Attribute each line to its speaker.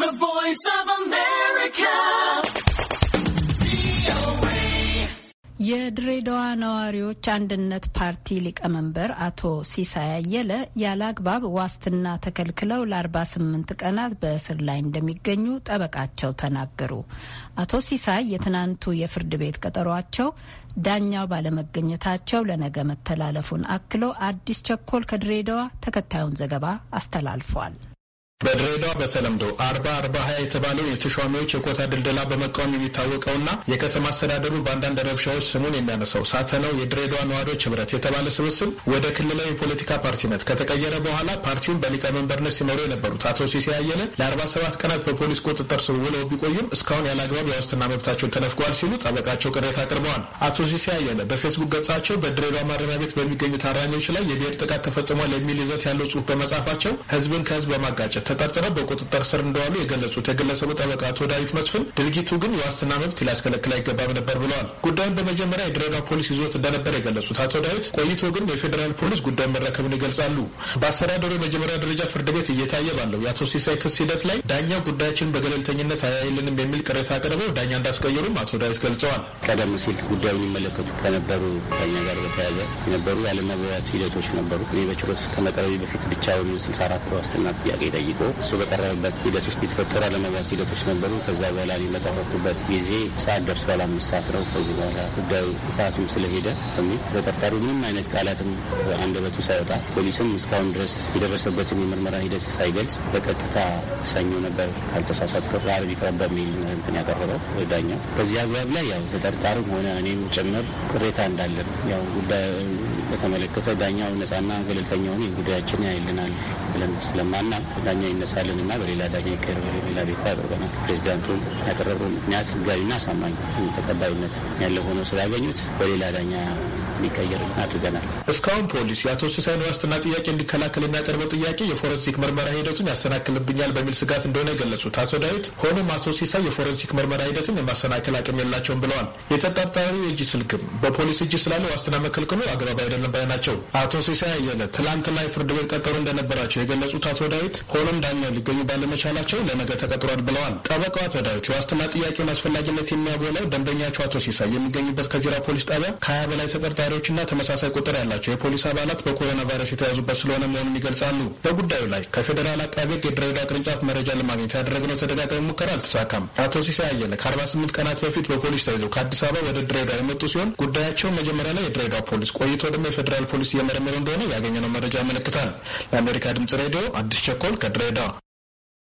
Speaker 1: The Voice of America. የድሬዳዋ ነዋሪዎች አንድነት ፓርቲ ሊቀመንበር አቶ ሲሳይ አየለ ያለ አግባብ ዋስትና ተከልክለው ለ48 ቀናት በእስር ላይ እንደሚገኙ ጠበቃቸው ተናገሩ። አቶ ሲሳይ የትናንቱ የፍርድ ቤት ቀጠሯቸው ዳኛው ባለመገኘታቸው ለነገ መተላለፉን አክለው አዲስ ቸኮል ከድሬዳዋ ተከታዩን ዘገባ አስተላልፏል።
Speaker 2: በድሬዳዋ በተለምዶ አርባ አርባ ሀያ የተባለው የተሿሚዎች የኮታ ድልድላ በመቃወም የሚታወቀውና የከተማ አስተዳደሩ በአንዳንድ ረብሻዎች ስሙን የሚያነሳው ሳተነው የድሬዳዋ ነዋሪዎች ህብረት የተባለ ስብስብ ወደ ክልላዊ የፖለቲካ ፓርቲነት ከተቀየረ በኋላ ፓርቲውን በሊቀመንበርነት ሲመሩ የነበሩት አቶ ሲሲ አየለ ለአርባ ሰባት ቀናት በፖሊስ ቁጥጥር ስር ውለው ቢቆዩም እስካሁን ያለ አግባብ የዋስትና መብታቸውን ተነፍገዋል ሲሉ ጠበቃቸው ቅሬታ አቅርበዋል። አቶ ሲሲ አየለ በፌስቡክ ገጻቸው በድሬዳዋ ማረሚያ ቤት በሚገኙ ታራሚዎች ላይ የብሔር ጥቃት ተፈጽሟል የሚል ይዘት ያለው ጽሁፍ በመጻፋቸው ህዝብን ከህዝብ በማጋጨት ተጠርጥረው በቁጥጥር ስር እንደዋሉ የገለጹት የግለሰቡ ጠበቃ አቶ ዳዊት መስፍን ድርጊቱ ግን የዋስትና መብት ሊያስከለክል አይገባም ነበር ብለዋል። ጉዳዩን በመጀመሪያ የድሬዳዋ ፖሊስ ይዞት እንደነበር የገለጹት አቶ ዳዊት ቆይቶ ግን የፌዴራል ፖሊስ ጉዳዩን መረከብን ይገልጻሉ። በአስተዳደሩ የመጀመሪያ ደረጃ ፍርድ ቤት እየታየ ባለው የአቶ ሲሳይ ክስ ሂደት ላይ ዳኛ ጉዳያችን በገለልተኝነት አያይልንም የሚል ቅሬታ አቅርበው ዳኛ እንዳስቀየሩም አቶ ዳዊት ገልጸዋል። ቀደም
Speaker 3: ሲል ጉዳዩን ይመለከቱ ከነበሩ ዳኛ ጋር በተያያዘ የነበሩ ያለመግባባት ሂደቶች ነበሩ። እኔ በችሎት ከመቅረቤ በፊት ብቻውን 64 ዋስትና ጥያቄ ጠይቁ እሱ በቀረበበት ሂደት ውስጥ የተፈጠሩ አለመግባባት ሂደቶች ነበሩ። ከዛ በኋላ የሚመጣረኩበት ጊዜ ሰዓት ደርሷል፣ አምስት ሰዓት ነው። ከዚህ በኋላ ጉዳዩ ሰዓቱም ስለሄደ በሚል ተጠርጣሪ ምንም አይነት ቃላትም አንደበቱ ሳይወጣ ፖሊስም እስካሁን ድረስ የደረሰበትን የምርመራ ሂደት ሳይገልጽ በቀጥታ ሰኞ ነበር ካልተሳሳትኩ ለአርብ ይቅረብ በሚል እንትን ያቀረበው ዳኛው። በዚህ አግባብ ላይ ያው ተጠርጣሪም ሆነ እኔም ጭምር ቅሬታ እንዳለን ያው ጉዳዩ በተመለከተ ዳኛው ነጻና ገለልተኛ ሆኖ ጉዳያችን ያይልናል ብለን ስለማና ዳኛ ይነሳልን እና በሌላ ዳኛ ይቀርብ ሌላ ቤት ያደርገናል። ፕሬዚዳንቱ ያቀረበው ምክንያት ህጋዊና አሳማኝ ተቀባይነት ያለው ሆኖ ስላገኙት በሌላ ዳኛ እንዲቀየር አድርገናል።
Speaker 2: እስካሁን ፖሊስ የአቶ ሲሳይን ዋስትና ጥያቄ እንዲከላከል የሚያቀርበው ጥያቄ የፎረንሲክ ምርመራ ሂደቱን ያሰናክልብኛል በሚል ስጋት እንደሆነ የገለጹት አቶ ዳዊት፣ ሆኖም አቶ ሲሳይ የፎረንሲክ ምርመራ ሂደትን የማሰናከል አቅም የላቸውም ብለዋል። የተጠርጣሪው የእጅ ስልክም በፖሊስ እጅ ስላለ ዋስትና መከልከሉ አግባብ አይደለም ባይ ናቸው። አቶ ሲሳይ አየለ ትላንት ላይ ፍርድ ቤት ቀጠሮ እንደነበራቸው የገለጹት አቶ ዳዊት ሆኖ ሰለሞን ዳኛው ሊገኙ ባለመቻላቸው ለነገ ተቀጥሯል ብለዋል። ጠበቃዋ ተዳዊት የዋስትና ጥያቄውን አስፈላጊነት የሚያጎላው ደንበኛቸው አቶ ሲሳይ የሚገኙበት ከዚራ ፖሊስ ጣቢያ ከሀያ በላይ ተጠርጣሪዎችና ተመሳሳይ ቁጥር ያላቸው የፖሊስ አባላት በኮሮና ቫይረስ የተያዙበት ስለሆነ መሆኑን ይገልጻሉ። በጉዳዩ ላይ ከፌዴራል አቃቤ ሕግ የድሬዳዋ ቅርንጫፍ መረጃ ለማግኘት ያደረግነው ተደጋጋሚ ሙከራ አልተሳካም። አቶ ሲሳይ አየለ ከ48 ቀናት በፊት በፖሊስ ተይዘው ከአዲስ አበባ ወደ ድሬዳዋ የመጡ ሲሆን ጉዳያቸው መጀመሪያ ላይ የድሬዳዋ ፖሊስ ቆይቶ ደግሞ የፌዴራል ፖሊስ እየመረመረ እንደሆነ ያገኘነው መረጃ ያመለክታል። ለአሜሪካ ድምጽ ሬዲዮ አዲስ ቸኮል ከድሬ data